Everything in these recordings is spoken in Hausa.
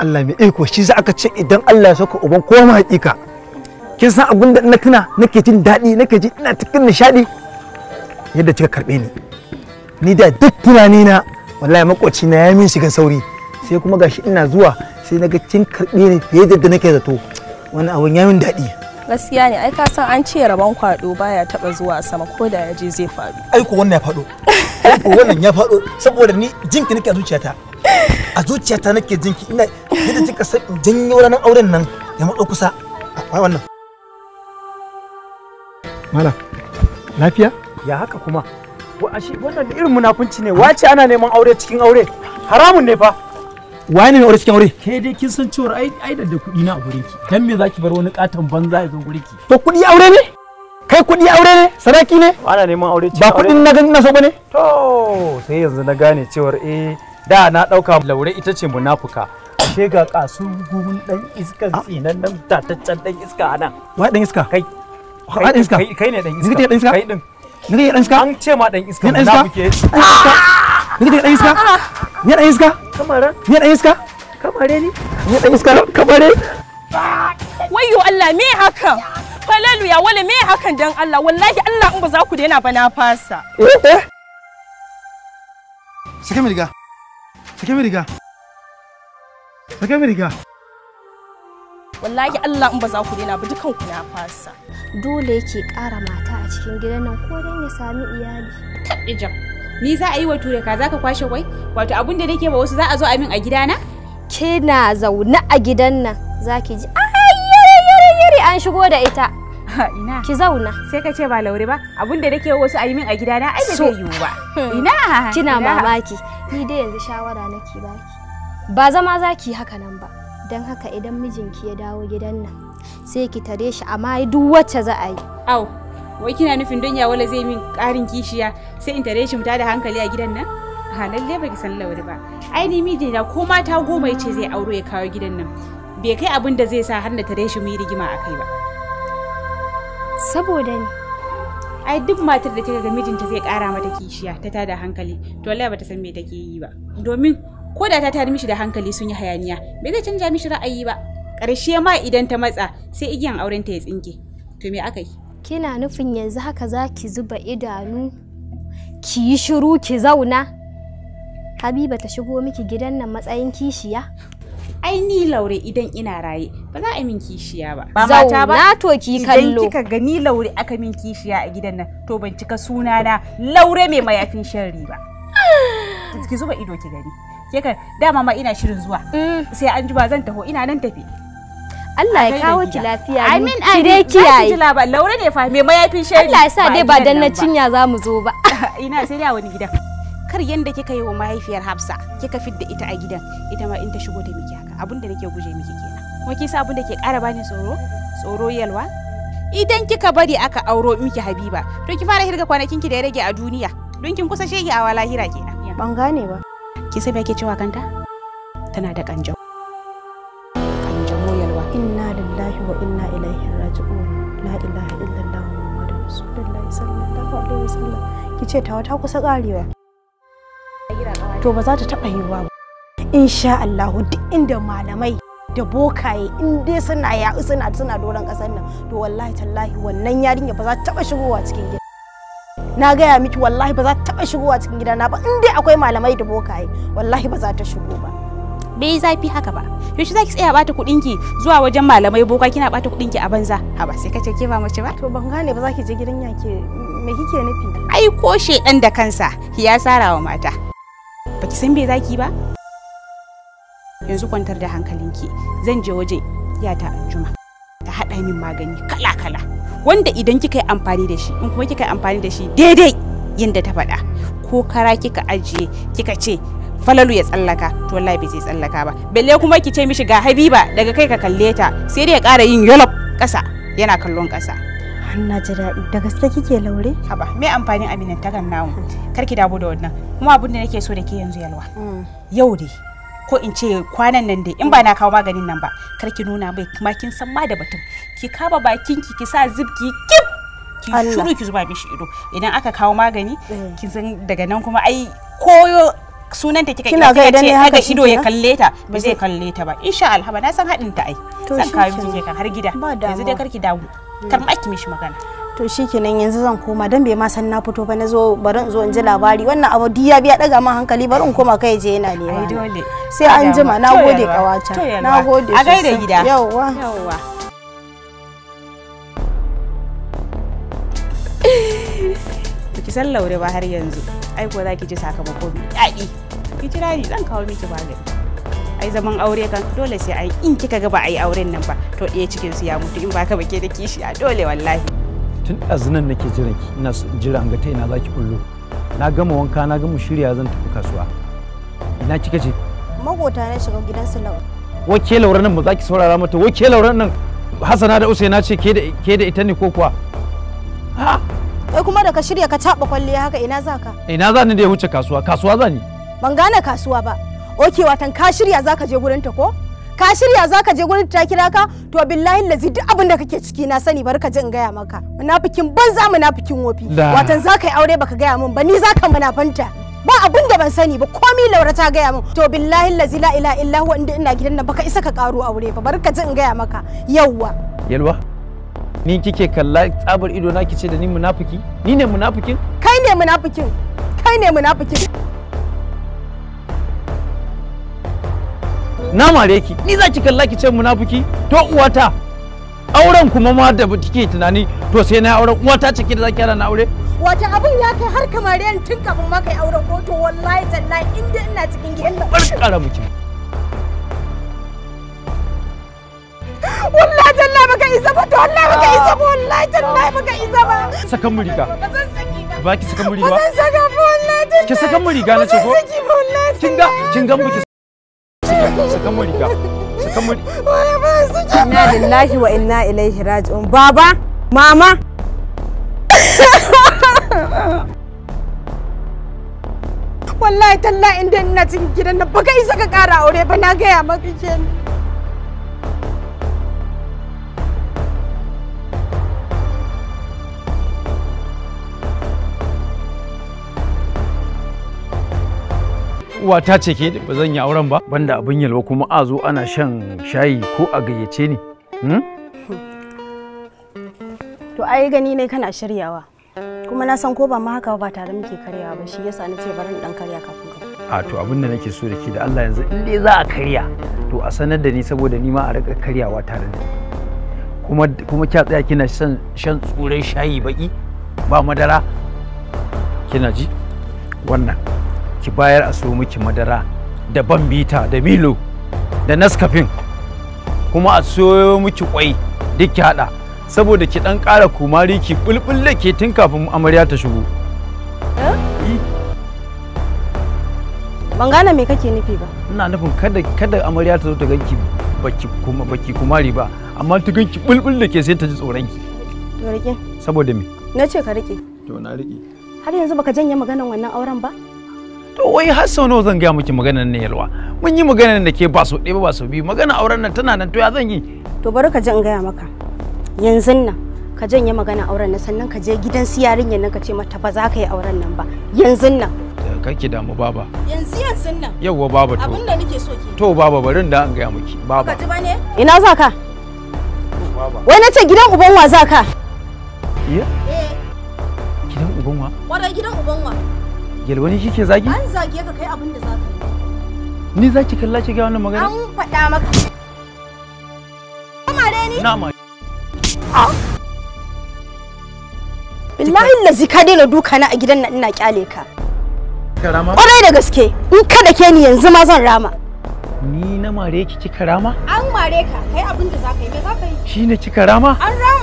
Allah mai iko shi za aka ce idan Allah ya saka uban ko ma hakika kin san abin da na tuna nake jin daɗi nake ji ina cikin nishaɗi yadda kika karɓe ni ni da duk tunani na wallahi makoci na ya min shigan sauri sai kuma gashi ina zuwa sai naga kin karɓe ni fiye da nake zato wani abun ya daɗi gaskiya ne ai ka san an ce rabon kwado baya taba zuwa sama ko da ya zai faɗo ai ko wannan ya faɗo ko wannan ya faɗo saboda ni jinki nake a zuciyata a zuciyata nake jinki ina yadda kika san janyo ranar auren nan ya matso kusa wai wannan mala lafiya ya haka kuma ashe wannan da irin munafunci ne wace ana neman aure cikin aure haramun ne fa wani ne aure cikin aure kai dai kin san cewa ai ai da kuɗi na a gurin ki dan me zaki bar wani katon banza ya zo gurin ki to kuɗi aure ne kai kuɗi aure ne sadaki ne ana neman aure cikin aure ba kuɗin na ganin na so bane to sai yanzu na gane cewar eh da na ɗauka laure ita ce munafuka ashe ga kasu gumin dan iska tsinan nan tataccen dan iska ana wa dan iska kai kai dan iska kai ne dan iska kai dan iska kai din ni dan iska an ce ma dan iska na muke ni dan iska ni dan iska kamara ni dan iska kamare ni ni dan iska kamare wayo Allah me haka Haleluya, wala me hakan dan Allah wallahi Allah in ba za ku daina ba na fasa eh eh Sika Sake mi riga. Sake mi riga. Wallahi Allah in ba za ku daina ba dukan ku na fasa. Dole yake ƙara mata a cikin gidan nan ko dan ya sami iyali. Ijab. Ni za a yi wa ture ka zaka kwashe kwai? Wato abin da nake ba wasu za a zo a min a gidana? Kina zaune a gidan nan zaki ji an shigo da ita. Ina. Ki zauna. Sai ka ce ba laure ba. abun da nake wasu a yi min a gidana ai ba zai yiwu ba. Ina. Kina mamaki. ni dai yanzu shawara nake baki ba zama za ki haka nan ba don haka idan mijinki ya dawo gidan nan sai ki tare shi amma duk wacce za a yi au wai kina nufin don ya wala zai min karin kishiya sai in tare shi mu da hankali a gidan nan ha lalle baki san lauri ba ai ni miji na ko mata goma ce zai auro ya kawo gidan nan bai kai abin da zai sa har na tare shi mu yi rigima akai ba saboda ni ai duk matar da kika ga mijinta zai kara mata kishiya ta tada hankali to wallahi bata san me take yi ba domin ko da ta tada mishi da hankali sun yi hayaniya bai zai canja mishi ra'ayi ba ƙarshe ma idan ta matsa sai igiyan auren ta ya tsinke to me aka yi kina nufin yanzu haka za ki zuba idanu ki yi shiru ki zauna habiba ta shigo miki gidan nan matsayin kishiya ai ni laure idan ina raye ba za a min kishiya ba ba mata ba na to ki kallo idan kika gani laure aka min kishiya a gidan nan to ban cika suna na laure mai mayafin sharri ba ki zuba ido ki gani Ke kika dama ma ina shirin zuwa mm. sai an ji ba zan taho ina nan tafi Allah ya kawo ki lafiya amin amin dai kiyaye laure ne fa mai mayafin sharri Allah ya sa dai ba dan na cinya zamu zo ba ina sai dai wani gidan kar yanda kika yi wa mahaifiyar Hafsa kika fidda ita a gidan ita ma in ta shigo da miki haka abin da nake guje miki kenan kuma kisa abin da ke kara bani tsoro tsoro yalwa idan kika bari aka auro miki habiba to ki fara hirga kwanakin ki da ya rage a duniya don kin kusa shege a walahira kenan ban gane ba ki sai me cewa kanta tana da kanjo kanjo yalwa inna lillahi wa inna ilaihi raji'un la ilaha illallah muhammadu rasulullahi sallallahu alaihi wasallam ki ce ta wata kusa karewa to ba za ta taba yiwa ba insha Allah duk inda malamai da bokaye in dai suna ya suna suna doron kasar nan to wallahi tallahi wannan yarinya ba za ta taba shigowa cikin gida na gaya miki wallahi ba za ta taba shigowa cikin gida na ba in dai akwai malamai da bokaye wallahi ba za ta shigo ba bai zafi haka ba yaushe zaki tsaya bata kuɗin ki zuwa wajen malamai boka kina bata kuɗin ki a banza ha ba sai kace ke ba mace ba to ban gane ba za ki je gidan ya ke me kike nufi ai ko shedan da kansa ya sarawa mata baki san bai zaki ba yanzu kwantar da hankalinki zan je waje wajen yata anjuma ta haɗa min magani kala-kala wanda idan kika yi amfani da shi in kuma kika yi amfani da shi daidai yadda ta faɗa ko kara kika ajiye kika ce falalu ya tsallaka to wallahi bai zai tsallaka ba balle kuma ki ce mishi ga habiba daga kai ka kalle ta sai dai ya kara yin yalo ƙasa yana kallon ƙasa na ji daɗi da gaske kike laure haba me amfanin aminantakan namu kar ki da wannan kuma abin da nake so da ke yanzu yalwa mm. yau dai ko in ce kwanan nan dai in ba na kawo maganin nan ba kar ki nuna mai kuma kin san ma da batun ki kaba bakin ki ki sa zibki kip ki shuru ki zuba mishi ido idan aka kawo magani eh. ki san daga nan kuma ai koyo sunan ta kika kina ce haka ido ya kalle ta ba zai kalle ta ba insha Allah ba na san hadin ta ai san kawo miki kan har gida yanzu dai kar ki damu kar ma ki mishi magana to shikenan yanzu zan koma dan bai ma san na fito ba na zo bari in zo in ji labari wannan abu ya biya daga ma hankali bari in koma kai je yana nema ai dole sai an jima na gode kawata na gode a gaida gida yawwa yauwa ki san laure ba har yanzu ai ko za ki ji sakamako bi dadi ki ji ni zan kawo miki magani ai zaman aure kan dole sai ai in kika ga ba ai auren nan ba to ɗaya cikin su ya mutu in ba ka bake da kishi a dole wallahi tun ɗazunan nake jiran ki ina jiran ga ta ina za ki kullu na gama wanka na gama shirya zan tafi kasuwa ina kika ce magota na shiga gidan su laura wake laura nan ba za ki saurara mata wake laura nan hasana da na ce ke da ita ne ko kuwa ha kai kuma da ka shirya ka taba kwalliya haka ina za ka ina za ni da ya wuce kasuwa kasuwa za ni ban gane kasuwa ba okewa tan ka shirya za ka je gurin ta ko ka shirya za ka je gurin ta kira ka to billahi lazi duk abin da kake ciki na sani bar ka je in gaya maka munafikin banza munafikin wofi watan za ka yi aure baka gaya min ba ni za ka munafanta ba abin da ban sani ba komi laura ta gaya min to billahi lazi la ilaha illa inda ina gidan nan baka isa ka karo aure ba bar ka je in gaya maka yawwa yalwa ni kike kalla tsabar ido na kice da ni munafiki ni ne munafikin kai ne munafikin kai ne munafikin na mare ki ni za ki kalla ki ce munafiki to uwata auren kuma ma da take tunani to sai na auren uwata ce ki da zaki na aure wata abun ya kai har kamar yan tun kafin ma kai auren ko oh, to wallahi tallahi inda ina cikin gidan nan bar kara miki wallahi tallahi baka isa ba to wallahi baka isa ba wallahi tallahi baka isa ba sakan mu riga ba ki sakan mu riga ba saka ba ki sakan mu riga na ce ko kin ga kin ga saka mu riga saka mu inna lillahi wa inna ilaihi raji'un baba mama wallahi tallahi inda ina cikin gidan nan baka isa ka kara aure ba na gaya maka kenan uwata ce ke ba zan yi auren ba banda abin yalwa kuma a zo ana shan shayi ko a gayyace ni hmm? to ai gani ne kana shiryawa kuma na san ko ba ma haka ba tare muke karyawa ba shi yasa na ce bari dan karya kafin ka a to abin da nake so da ke da Allah yanzu in dai za a karya to a sanar da ni saboda ni ma a rika karyawa tare da kuma kuma kya tsaya kina shan shan tsuran shayi baki ba madara kina ji wannan ki bayar a so miki madara da bambita da milo da naskafin kuma a soyo miki kwai duk ki hada saboda ki dan ƙara kumari ki bulbulle ke tun kafin amarya ta shigo eh? Eh. ban gane me kake nufi ba ina nufin kada kada amarya ta zo ta ganki baki kuma baki kumari ba amma ta ganki bulbulle ke sai ta ji tsoron ki to rike saboda me nace ka rike to na rike har yanzu baka janye maganan wannan auren ba to wai har sau nawa zan gaya miki maganar ne yalwa mun yi maganar da ke ba su ɗaya ba su biyu magana auren nan tana nan to ya zan yi to bari ka ji in gaya maka yanzu nan ka janye magana auren nan sannan ka je gidan su yarinyar nan ka ce mata ba za ka yi auren nan ba yanzu nan eh, kake damu baba yanzu yanzu nan yawwa baba to abinda nake so ke to baba barin da an gaya miki baba ka ji ba ne ina za ka wai na ce gidan uban wa za ka iya eh gidan uban wa kwarai gidan uban wa Yalwani shi ke zagi? An zage ka kai abin da za ka yi. Ni za ki kalla ki ga wannan magana? An faɗa maka. Kama dai ni? Na ma. Ah! Billahi lazi ka daina duka na a gidan nan ina kyale ka. Ka rama? Ƙwarai da gaske, in ka dake ke ni yanzu ma zan rama. Ni na mare ki kika rama? An mare ka, kai abin da za ka yi, me za ka yi? Shi ne kika rama? An rama.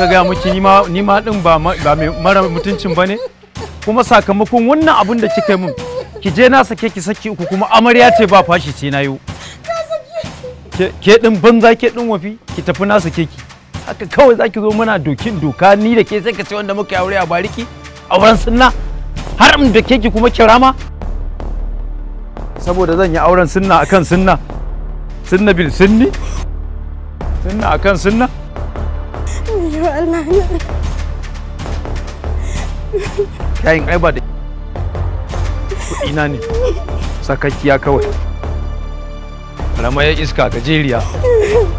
aka gaya miki ni ma din ba mara mutuncin ba ne kuma sakamakon wannan abun da kika yi min ki je na sake ki saki uku kuma amarya ce ba fashi ce na yi ke din banza ke din wafi ki tafi na sake ki haka kawai zaki zo muna dokin doka ni da ke sai ka ce wanda muka aure a bariki a wurin sunna har in da ke ki kuma kira ma saboda zan yi auren sunna akan sunna sunna bil sunni sunna akan sunna Yawa Allah ya. Kayan ai ba da ina ne. Sakakkiya kawai. Ramaya iska gajeriya.